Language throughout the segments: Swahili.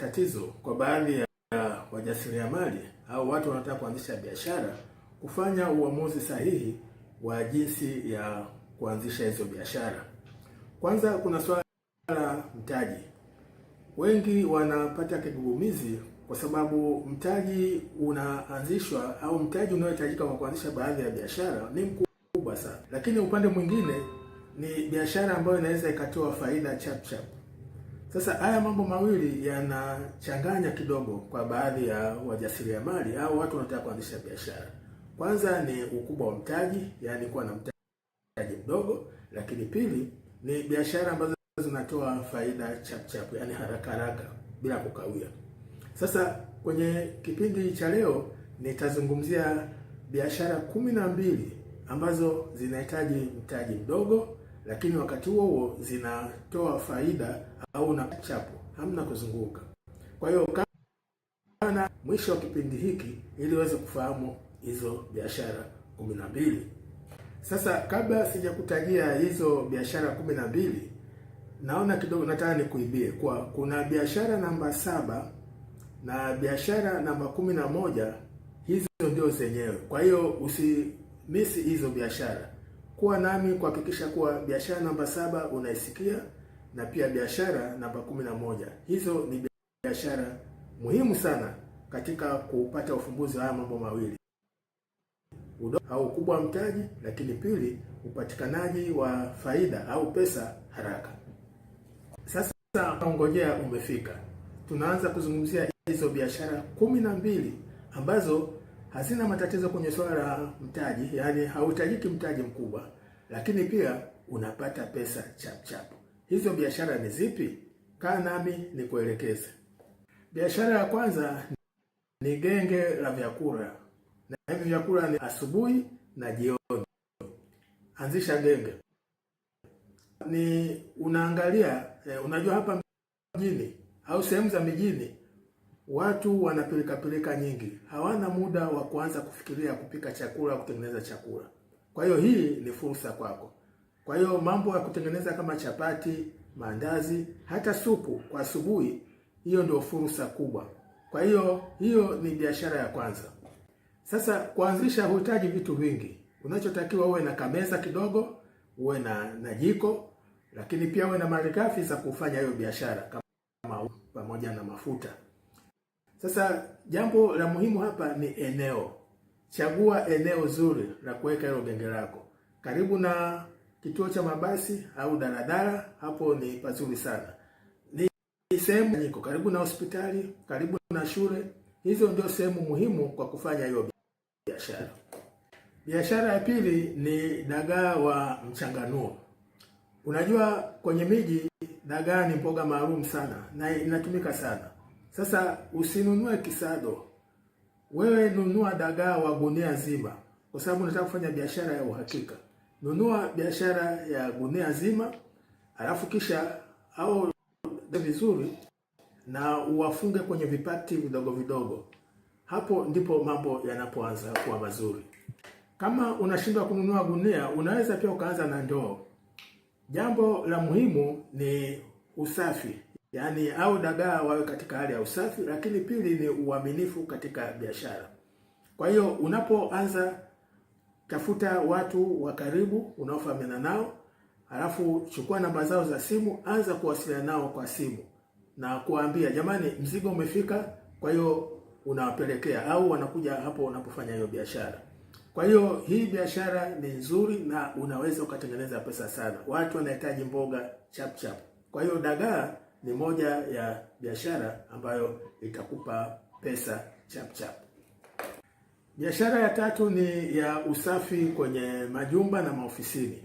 tatizo kwa baadhi ya wajasiriamali au watu wanaotaka kuanzisha biashara kufanya uamuzi sahihi wa jinsi ya kuanzisha hizo biashara. Kwanza kuna swala la mtaji. Wengi wanapata kigugumizi kwa sababu mtaji unaanzishwa au mtaji unaohitajika kwa kuanzisha baadhi ya biashara ni mkubwa sana, lakini upande mwingine ni biashara ambayo inaweza ikatoa faida chap chap. Sasa haya mambo mawili yanachanganya kidogo kwa baadhi ya wajasiriamali au watu wanataka kuanzisha biashara. Kwanza ni ukubwa wa mtaji, yaani kuwa na mtaji mdogo, lakini pili ni biashara ambazo zinatoa faida chap, yani haraka haraka bila kukawia. Sasa kwenye kipindi cha leo nitazungumzia biashara kumi na mbili ambazo zinahitaji mtaji mdogo, lakini wakati huo huo zinatoa faida au na chapo, hamna kuzunguka. Kwa hiyo kana mwisho wa kipindi hiki ili uweze kufahamu hizo biashara kumi na mbili. Sasa kabla sijakutajia hizo biashara kumi na mbili, naona kidogo nataka nikuibie kwa kuna biashara namba saba na biashara namba kumi na moja. Hizo ndio zenyewe. Kwa hiyo usimisi hizo biashara, kuwa nami kuhakikisha kuwa biashara namba saba unaisikia na pia biashara namba kumi na moja. Hizo ni biashara muhimu sana katika kupata ufumbuzi wa haya mambo mawili Udo, au ukubwa wa mtaji, lakini pili, upatikanaji wa faida au pesa haraka. Sasa ongojea umefika, tunaanza kuzungumzia hizo biashara kumi na mbili ambazo hazina matatizo kwenye swala la mtaji, yaani hauhitajiki mtaji mkubwa, lakini pia unapata pesa chapchap. Hizo biashara ni zipi? Kaa nami nikuelekeze. Biashara ya kwanza ni genge la vyakula, na hivi vyakula ni asubuhi na jioni. Anzisha genge, ni unaangalia eh, unajua hapa mjini au sehemu za mijini watu wanapilikapilika nyingi, hawana muda wa kuanza kufikiria kupika chakula, kutengeneza chakula. Kwa hiyo hii ni fursa kwako. Kwa hiyo mambo ya kutengeneza kama chapati, maandazi, hata supu kwa asubuhi, hiyo ndio fursa kubwa. Kwa hiyo hiyo ni biashara ya kwanza. Sasa kuanzisha, huhitaji vitu vingi. Unachotakiwa uwe na kameza kidogo, uwe na, na jiko, lakini pia uwe na malighafi za kufanya hiyo biashara kama pamoja na mafuta. Sasa jambo la muhimu hapa ni eneo. Chagua eneo zuri la kuweka hilo genge lako, karibu na kituo cha mabasi au daladala, hapo ni pazuri sana. Ni sehemu niko karibu na hospitali, karibu na shule. Hizo ndio sehemu muhimu kwa kufanya hiyo biashara. Biashara ya pili ni dagaa wa mchanganuo. Unajua, kwenye miji dagaa ni mboga maalum sana na inatumika sana. Sasa usinunue kisado, wewe nunua dagaa wa gunia zima, kwa sababu unataka kufanya biashara ya uhakika nunua biashara ya gunia zima, alafu kisha au vizuri na uwafunge kwenye vipati vidogo vidogo. Hapo ndipo mambo yanapoanza kuwa mazuri. Kama unashindwa kununua gunia, unaweza pia ukaanza na ndoo. Jambo la muhimu ni usafi, yaani au dagaa wawe katika hali ya usafi, lakini pili ni uaminifu katika biashara. Kwa hiyo unapoanza tafuta watu wa karibu unaofahamiana nao, alafu chukua namba zao za simu, anza kuwasiliana nao kwa simu na kuwaambia jamani, mzigo umefika. Kwa hiyo unawapelekea au wanakuja hapo unapofanya hiyo biashara. Kwa hiyo hii biashara ni nzuri na unaweza ukatengeneza pesa sana. Watu wanahitaji mboga chap chap. Kwa hiyo dagaa ni moja ya biashara ambayo itakupa pesa chap chap. Biashara ya tatu ni ya usafi kwenye majumba na maofisini.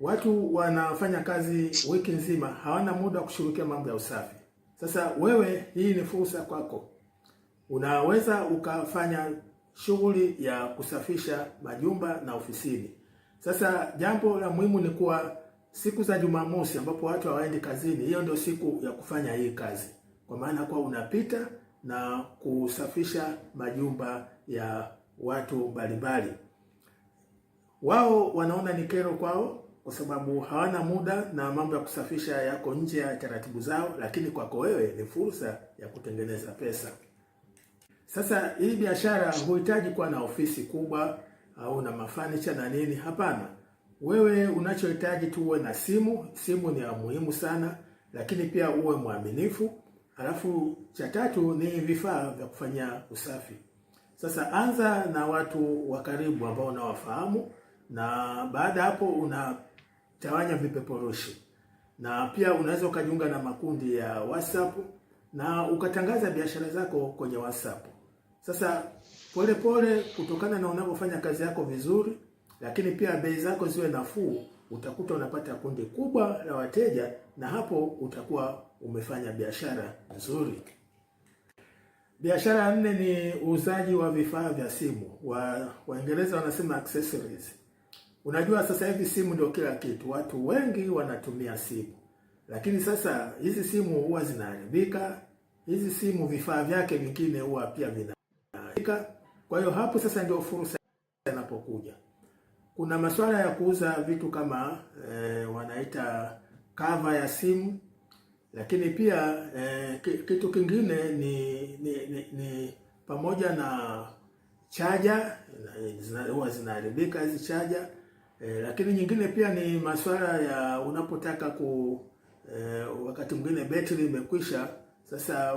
Watu wanafanya kazi wiki nzima, hawana muda wa kushughulikia mambo ya usafi. Sasa wewe, hii ni fursa kwako, unaweza ukafanya shughuli ya kusafisha majumba na ofisini. Sasa jambo la muhimu ni kuwa siku za Jumamosi ambapo watu hawaendi kazini, hiyo ndio siku ya kufanya hii kazi, kwa maana kuwa unapita na kusafisha majumba ya watu mbalimbali. Wao wanaona ni kero kwao, kwa sababu hawana muda na mambo ya kusafisha yako nje ya taratibu zao, lakini kwako wewe ni fursa ya kutengeneza pesa. Sasa hii biashara huhitaji kuwa na ofisi kubwa au na mafanicha na nini, hapana. Wewe unachohitaji tu uwe na simu. Simu ni ya muhimu sana, lakini pia uwe mwaminifu Halafu cha tatu ni vifaa vya kufanyia usafi. Sasa anza na watu wa karibu ambao unawafahamu, na baada hapo unatawanya vipeperushi, na pia unaweza ukajiunga na makundi ya WhatsApp na ukatangaza biashara zako kwenye WhatsApp. Sasa polepole pole, kutokana na unavyofanya kazi yako vizuri, lakini pia bei zako ziwe nafuu, utakuta unapata kundi kubwa la wateja, na hapo utakuwa umefanya biashara nzuri. Biashara ya nne ni uuzaji wa vifaa vya simu. Wa Waingereza wanasema accessories. Unajua sasa hivi simu ndio kila kitu, watu wengi wanatumia simu, lakini sasa hizi simu huwa zinaharibika. Hizi simu vifaa vyake vingine huwa pia vinaharibika. Kwa hiyo hapo sasa ndio fursa inapokuja. Kuna masuala ya kuuza vitu kama e, wanaita cover ya simu lakini pia eh, kitu kingine ni, ni, ni, ni pamoja na chaja huwa zinaharibika hizi chaja eh, lakini nyingine pia ni masuala ya unapotaka ku eh, wakati mwingine betri imekwisha, sasa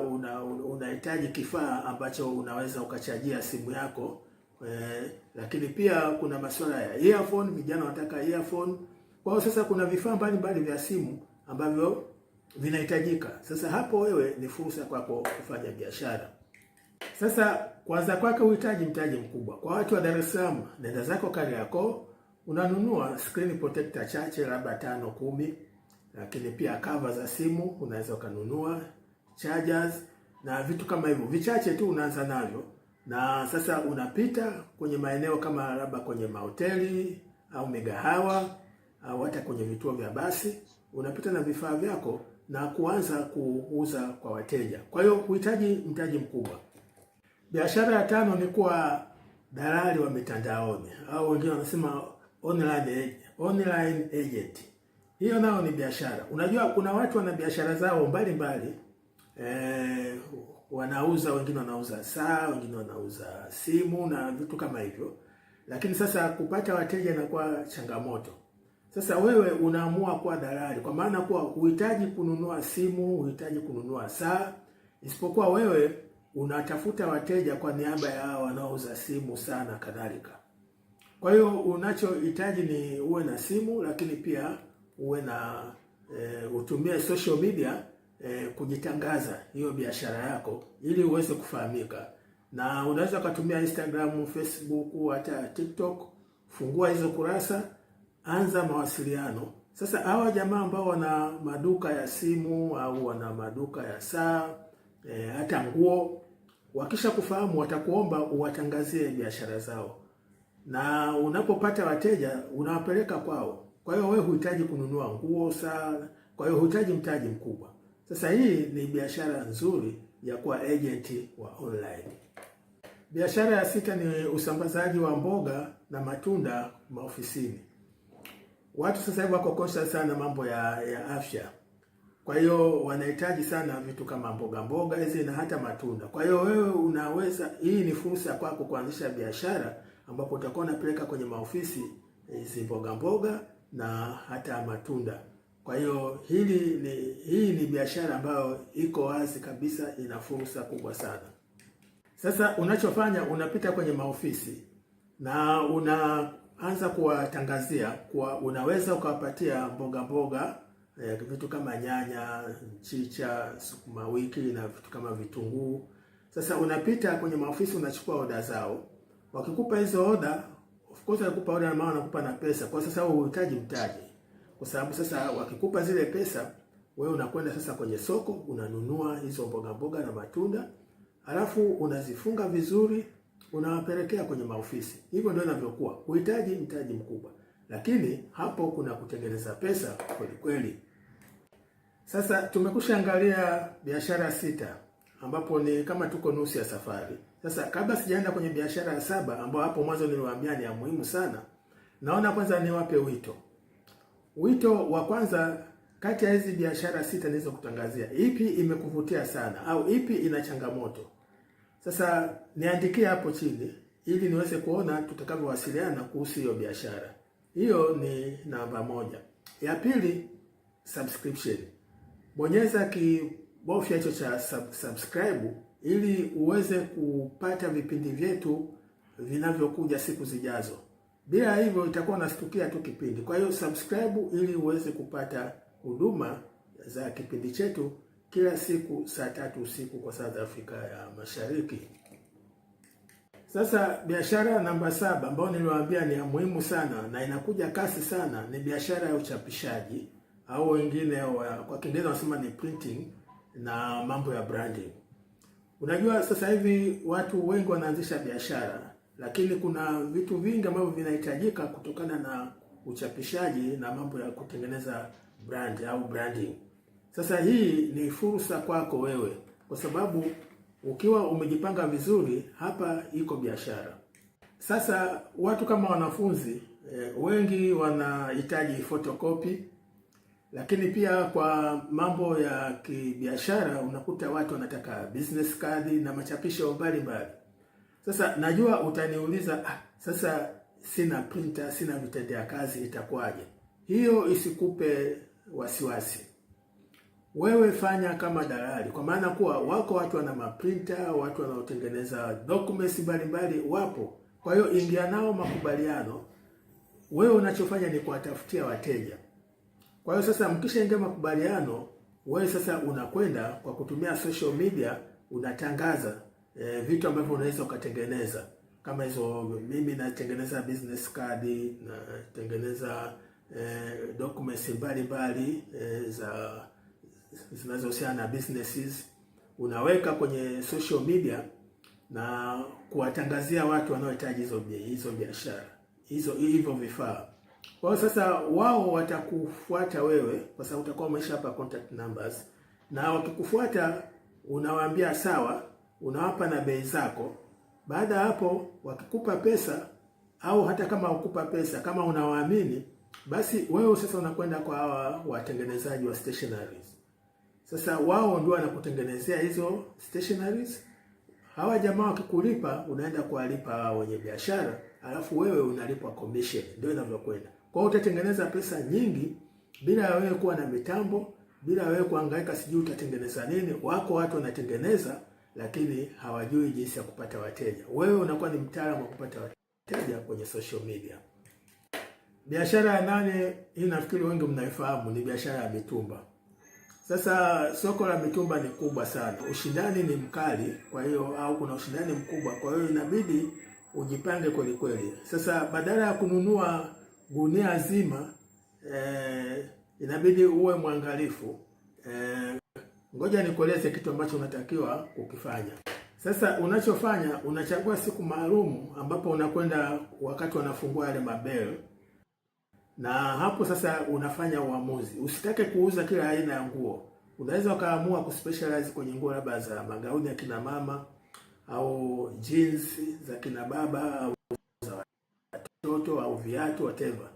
unahitaji una kifaa ambacho unaweza ukachajia simu yako eh, lakini pia kuna masuala ya earphone, vijana wanataka earphone. Kwa sasa kuna vifaa mbalimbali vya simu ambavyo vinahitajika. Sasa hapo wewe ni fursa kwako kufanya biashara. Sasa kwanza kwake uhitaji mtaji mkubwa. Kwa watu wa Dar es Salaam, nenda zako Kariakoo, unanunua screen protector chache, labda tano kumi, lakini pia cover za simu unaweza ukanunua, chargers na vitu kama hivyo vichache tu, unaanza navyo na sasa unapita kwenye maeneo kama labda kwenye mahoteli au migahawa au hata kwenye vituo vya basi, unapita na vifaa vyako na kuanza kuuza kwa wateja. Kwa hiyo huhitaji mtaji mkubwa. Biashara ya tano ni kuwa dalali wa mitandaoni au wengine wanasema online, online agent. Hiyo nao ni biashara. Unajua kuna watu wana biashara zao mbalimbali e, wanauza wengine wanauza saa, wengine wanauza simu na vitu kama hivyo, lakini sasa kupata wateja inakuwa changamoto. Sasa wewe unaamua kuwa dalali, kwa maana kuwa huhitaji kununua simu, huhitaji kununua saa, isipokuwa wewe unatafuta wateja kwa niaba ya hao wanaouza simu sana kadhalika. Kwa hiyo unachohitaji ni uwe na simu, lakini pia uwe na e, utumie social media e, kujitangaza hiyo biashara yako ili uweze kufahamika, na unaweza ukatumia Instagram, Facebook, hata TikTok. Fungua hizo kurasa anza mawasiliano. Sasa hawa jamaa ambao wana maduka ya simu au wana maduka ya saa e, hata nguo, wakisha kufahamu watakuomba uwatangazie biashara zao, na unapopata wateja unawapeleka kwao. Kwa hiyo wewe huhitaji kununua nguo, saa, kwa hiyo huhitaji mtaji mkubwa. Sasa hii ni biashara nzuri ya kuwa agent wa online. Biashara ya sita ni usambazaji wa mboga na matunda maofisini. Watu sasa hivi wako conscious sana mambo ya, ya afya, kwa hiyo wanahitaji sana vitu kama mboga mboga hizi na hata matunda. Kwa hiyo wewe unaweza, hii ni fursa kwako kuanzisha biashara ambapo utakuwa unapeleka kwenye maofisi eh, hizi mboga mboga na hata matunda. Kwa hiyo hili ni hii ni biashara ambayo iko wazi kabisa, ina fursa kubwa sana. Sasa unachofanya unapita kwenye maofisi na una anza kuwatangazia kuwa unaweza ukawapatia mboga mboga e, vitu kama nyanya, mchicha, sukuma wiki na vitu kama vitunguu. Sasa unapita kwenye maofisi unachukua oda zao, wakikupa hizo oda, of course wanakupa oda na maana wanakupa na pesa. Kwa sasa wewe uhitaji mtaji, kwa sababu sasa wakikupa zile pesa, wewe unakwenda sasa kwenye soko unanunua hizo mboga mboga na matunda, alafu unazifunga vizuri unawapelekea kwenye maofisi. Hivyo ndio inavyokuwa, huhitaji mtaji mkubwa, lakini hapo kuna kutengeneza pesa kweli kweli. Sasa tumekushaangalia biashara sita ambapo ni kama tuko nusu ya safari. Sasa kabla sijaenda kwenye biashara ya saba ambayo hapo mwanzo niliwaambia ni ya muhimu sana, naona kwanza niwape wito. Wito wa kwanza kati ya hizi biashara sita nilizokutangazia, ipi imekuvutia sana au ipi ina changamoto? Sasa niandikie hapo chini ili niweze kuona tutakavyowasiliana kuhusu hiyo biashara. Hiyo ni namba moja. Ya pili, subscription. Bonyeza kibofya hicho cha sub subscribe ili uweze kupata vipindi vyetu vinavyokuja siku zijazo. Bila hivyo itakuwa unastukia tu kipindi. Kwa hiyo subscribe ili uweze kupata huduma za kipindi chetu kila siku saa tatu usiku kwa South Africa ya Mashariki. Sasa biashara namba saba ambayo niliwaambia ni ya muhimu sana na inakuja kasi sana ni biashara ya uchapishaji au wengine kwa Kiingereza wanasema ni printing na mambo ya branding. Unajua sasa hivi watu wengi wanaanzisha biashara, lakini kuna vitu vingi ambavyo vinahitajika kutokana na uchapishaji na mambo ya kutengeneza brand au branding. Sasa hii ni fursa kwako wewe, kwa sababu ukiwa umejipanga vizuri, hapa iko biashara. Sasa watu kama wanafunzi eh, wengi wanahitaji fotokopi, lakini pia kwa mambo ya kibiashara unakuta watu wanataka business card na machapisho mbalimbali. Sasa najua utaniuliza ah, sasa sina printer, sina vitendea kazi, itakuwaje? Hiyo isikupe wasiwasi wewe fanya kama dalali, kwa maana kuwa wako watu wana maprinta, watu wanaotengeneza documents mbalimbali wapo. Kwa hiyo ingia nao makubaliano, wewe unachofanya ni kuwatafutia wateja. Kwa hiyo sasa, ingia makubaliano, wewe sasa unakwenda kwa kutumia social media unatangaza e, vitu ambavyo unaweza ukatengeneza kama hizo. Mimi natengeneza business card, natengeneza e, documents mbalimbali e, za zinazohusiana na businesses, unaweka kwenye social media na kuwatangazia watu wanaohitaji hizo hizo biashara hizo hivyo vifaa. Kwa hiyo sasa wao watakufuata wewe kwa sababu utakuwa umesha hapa contact numbers, na wakikufuata unawaambia sawa, unawapa na bei zako. Baada ya hapo, wakikupa pesa au hata kama ukupa pesa, kama unawaamini, basi wewe sasa unakwenda kwa hawa watengenezaji wa stationaries sasa wao ndio wanakutengenezea hizo stationaries. Hawa jamaa wakikulipa, unaenda kuwalipa wenye biashara, alafu wewe unalipwa commission. Ndio inavyokwenda. Kwa hiyo utatengeneza pesa nyingi bila wewe kuwa na mitambo, bila wewe kuhangaika sijui utatengeneza nini. Wako watu wanatengeneza, lakini hawajui jinsi ya kupata wateja. Wewe unakuwa ni mtaalamu wa kupata wateja kwenye social media. Biashara ya nane hii, nafikiri wengi mnaifahamu, ni biashara ya mitumba. Sasa soko la mitumba ni kubwa sana, ushindani ni mkali, kwa hiyo au kuna ushindani mkubwa, kwa hiyo inabidi ujipange kweli kweli. Sasa badala ya kununua gunia zima eh, inabidi uwe mwangalifu eh, ngoja nikueleze kitu ambacho unatakiwa kukifanya. Sasa unachofanya unachagua siku maalumu ambapo unakwenda, wakati wanafungua yale mabel na hapo sasa unafanya uamuzi. Usitake kuuza kila aina ya nguo, unaweza ukaamua kuspecialize kwenye nguo labda za magauni ya kina mama au jeans za kina baba au za watoto au viatu whatever.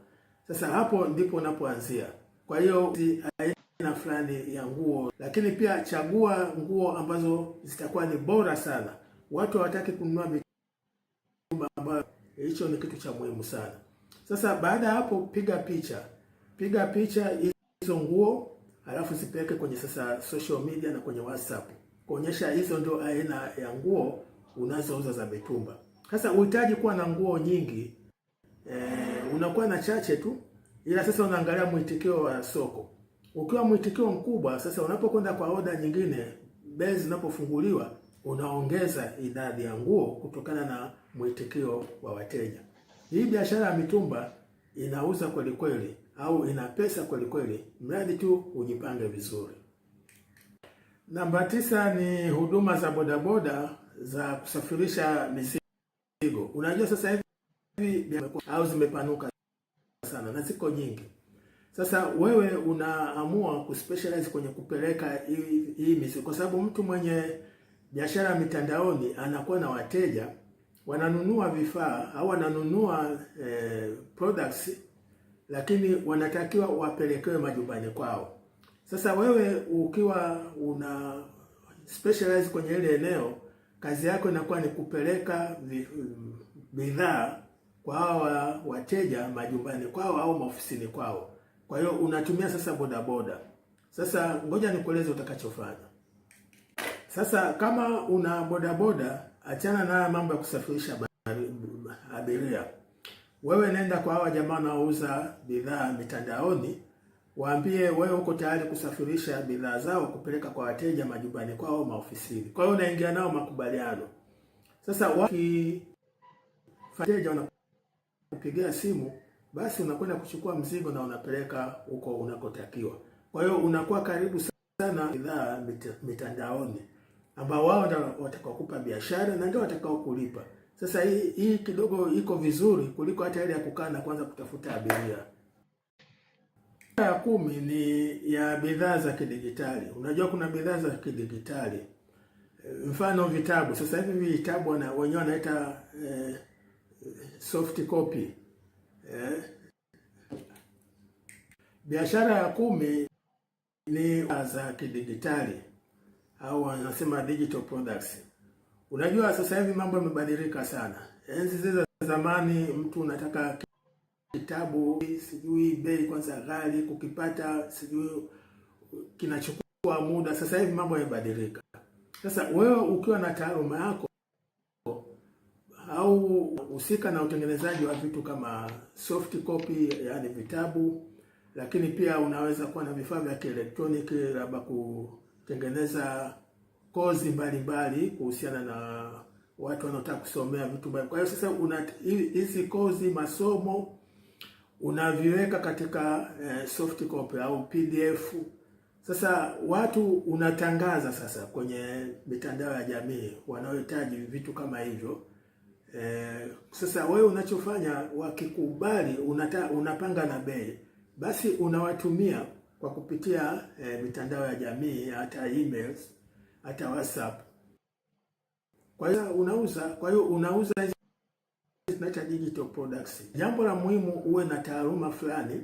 Sasa hapo ndipo unapoanzia. Kwa hiyo aina fulani ya nguo, lakini pia chagua nguo ambazo zitakuwa ni bora sana. Watu hawataki kununua mitumba ambayo, hicho ni kitu cha muhimu sana. Sasa baada ya hapo, piga picha, piga picha hizo nguo, alafu zipeleke kwenye sasa social media na kwenye WhatsApp kuonyesha hizo ndio aina ya nguo unazouza za mitumba. Sasa uhitaji kuwa na nguo nyingi e, unakuwa na chache tu, ila sasa unaangalia mwitikio wa soko. Ukiwa mwitikio mkubwa, sasa unapokwenda kwa oda nyingine, bei zinapofunguliwa, unaongeza idadi ya nguo kutokana na mwitikio wa wateja. Hii biashara ya mitumba inauza kweli kweli, au ina pesa kweli kweli, mradi tu ujipange vizuri. Namba tisa ni huduma za bodaboda za kusafirisha mizigo. Unajua sasa hivi au zimepanuka sana na ziko nyingi. Sasa wewe unaamua kuspecialize kwenye kupeleka hii mizigo, kwa sababu mtu mwenye biashara mitandaoni anakuwa na wateja wananunua vifaa au wananunua eh, products lakini wanatakiwa wapelekewe majumbani kwao. Sasa wewe ukiwa una specialize kwenye ile eneo, kazi yako inakuwa ni kupeleka bidhaa kwa hawa wateja majumbani kwao au maofisini kwao. Kwa hiyo unatumia sasa bodaboda. Sasa ngoja nikueleze utakachofanya. Sasa kama una bodaboda achana na mambo ya kusafirisha abiria. Wewe nenda kwa hawa jamaa wanaouza bidhaa mitandaoni, waambie wewe uko tayari kusafirisha bidhaa zao kupeleka kwa wateja majumbani kwao, maofisini. Kwa hiyo unaingia nao makubaliano. Sasa waki wateja wanakupigia simu, basi unakwenda kuchukua mzigo na unapeleka huko unakotakiwa. Kwa hiyo unakuwa karibu sana bidhaa mitandaoni ambao wao watakaokupa biashara na ndio watakao kulipa. Sasa hii hii kidogo iko vizuri kuliko hata ile ya kukaa na kwanza kutafuta abiria. Ya kumi ni ya bidhaa za kidigitali. Unajua kuna bidhaa za kidigitali, mfano vitabu. Sasa hivi vitabu wana, wenyewe wanaita eh, soft copy eh. Biashara ya kumi ni za kidigitali au wanasema digital products. Unajua sasa hivi mambo yamebadilika sana. Enzi zile za zamani, mtu unataka kitabu sijui bei kwanza ghali kukipata, sijui kinachukua muda. Sasa hivi mambo yamebadilika. Sasa wewe ukiwa na taaluma yako au husika na utengenezaji wa vitu kama soft copy, yani vitabu, lakini pia unaweza kuwa na vifaa vya kielektroniki labda ku kutengeneza kozi mbalimbali kuhusiana na watu wanaotaka kusomea vitu mbali. Kwa hiyo sasa una hizi kozi masomo unaviweka katika eh, soft copy au PDF. Sasa watu unatangaza sasa kwenye mitandao ya jamii wanaohitaji vitu kama hivyo. Eh, sasa wewe unachofanya wakikubali, unata, unapanga na bei, basi unawatumia kwa kupitia e, mitandao ya jamii hata emails hata WhatsApp. Kwa hiyo unauza, kwa hiyo unauza tunaita digital products. Jambo la muhimu uwe na taaluma fulani.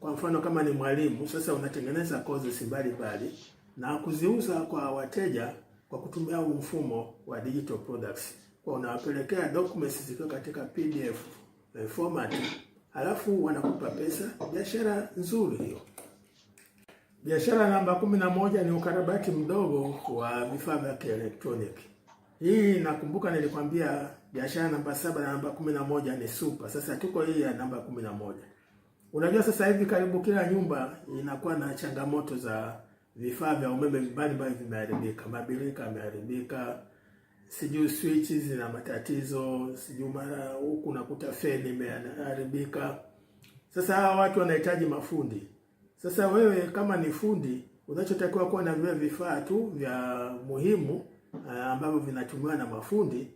Kwa mfano kama ni mwalimu sasa, unatengeneza courses mbalimbali na kuziuza kwa wateja kwa kutumia huu mfumo wa digital products, kwa unawapelekea documents zikiwa katika PDF eh, format, halafu wanakupa pesa. Biashara nzuri hiyo. Biashara namba kumi na moja ni ukarabati mdogo wa vifaa vya kielektroniki. Hii nakumbuka nilikwambia biashara namba saba na namba kumi na moja ni super. Sasa tuko hii ya namba kumi na moja. Unajua sasa hivi karibu kila nyumba inakuwa na changamoto za vifaa vya umeme mbalimbali vimeharibika, mabirika yameharibika, sijui switch zina matatizo, sijui mara huku nakuta feni imeharibika. Sasa hawa watu wanahitaji mafundi sasa wewe kama ni fundi, unachotakiwa kuwa na vile vifaa tu vya muhimu eh, ambavyo vinatumiwa na mafundi,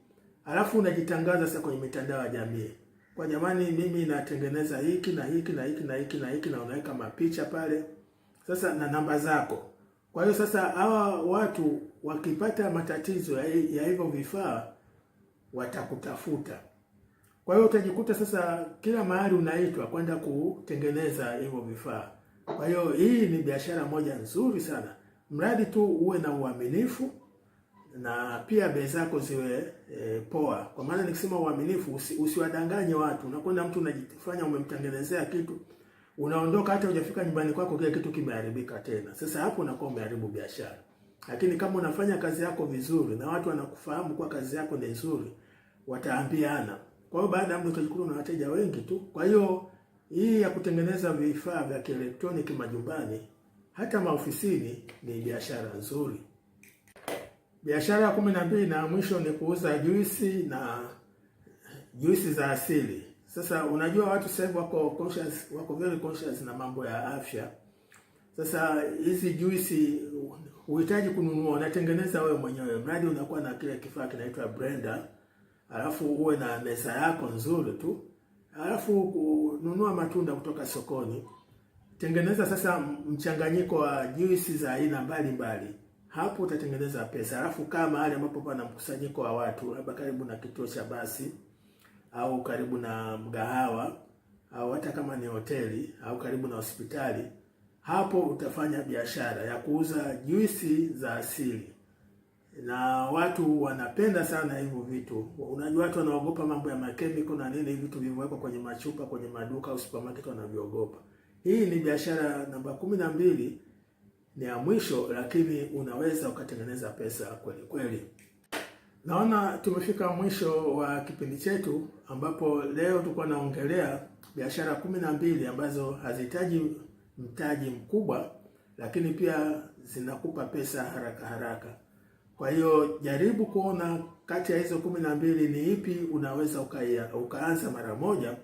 alafu unajitangaza sasa kwenye mitandao ya jamii, kwa jamani, mimi natengeneza hiki na hiki na hiki na hiki na hiki, na unaweka mapicha pale sasa na namba zako. Kwa hiyo sasa hawa watu wakipata matatizo ya hivyo vifaa watakutafuta. Kwa hiyo utajikuta sasa kila mahali unaitwa kwenda kutengeneza hivyo vifaa. Kwa hiyo hii ni biashara moja nzuri sana, mradi tu uwe na uaminifu na pia bei zako ziwe e, poa. Kwa maana nikisema uaminifu, usi, usiwadanganye watu. Unakwenda mtu unajifanya umemtengenezea kitu, unaondoka, hata hujafika nyumbani kwako kile kitu kimeharibika tena. Sasa hapo unakuwa umeharibu biashara. Lakini kama unafanya kazi yako vizuri na watu wanakufahamu kwa kazi yako ni nzuri, wataambiana. Kwa hiyo baada ya muda utajikuta una wateja wengi tu. Kwa hiyo hii ya kutengeneza vifaa vya kielektroniki majumbani hata maofisini ni biashara nzuri. Biashara ya kumi na mbili na mwisho ni kuuza juisi na juisi za asili. Sasa unajua watu sasa hivi wako conscious, wako very conscious na mambo ya afya. Sasa hizi juisi uhitaji kununua, unatengeneza wewe mwenyewe, mradi unakuwa na kile kifaa kinaitwa blender, alafu uwe na meza yako nzuri tu Alafu kununua matunda kutoka sokoni, tengeneza sasa mchanganyiko wa juisi za aina mbalimbali. Hapo utatengeneza pesa. Alafu kama mahali ambapo pana mkusanyiko wa watu, labda karibu na kituo cha basi au karibu na mgahawa au hata kama ni hoteli au karibu na hospitali. Hapo utafanya biashara ya kuuza juisi za asili na watu wanapenda sana hivyo vitu. Unajua, watu wanaogopa mambo ya makemiko na nini, vitu vilivyowekwa kwenye machupa kwenye maduka au supermarket wanaviogopa. Hii ni biashara namba kumi na mbili, ni ya mwisho, lakini unaweza ukatengeneza pesa kweli kweli. Naona tumefika mwisho wa kipindi chetu, ambapo leo tulikuwa naongelea biashara kumi na mbili ambazo hazihitaji mtaji mkubwa, lakini pia zinakupa pesa haraka haraka. Kwa hiyo jaribu kuona kati ya hizo kumi na mbili ni ipi unaweza uka, ukaanza mara moja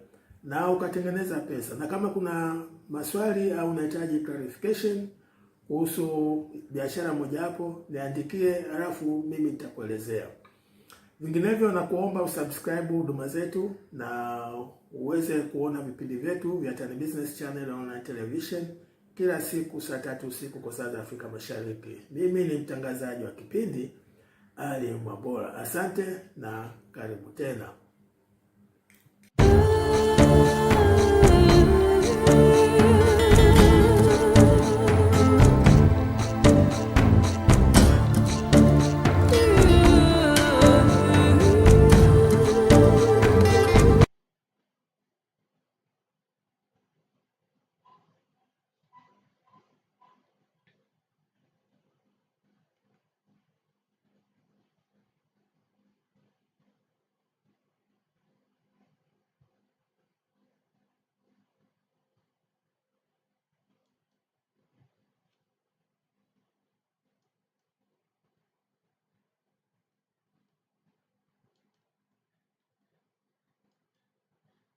na ukatengeneza pesa. Na kama kuna maswali au unahitaji clarification kuhusu biashara mojawapo, niandikie, halafu mimi nitakuelezea. Vinginevyo nakuomba usubscribe huduma zetu na uweze kuona vipindi vyetu vya Tan Business Channel Online Television kila siku saa tatu usiku kwa saa za Afrika Mashariki. Mimi ni mtangazaji wa kipindi Ali Mwambola. Asante na karibu tena.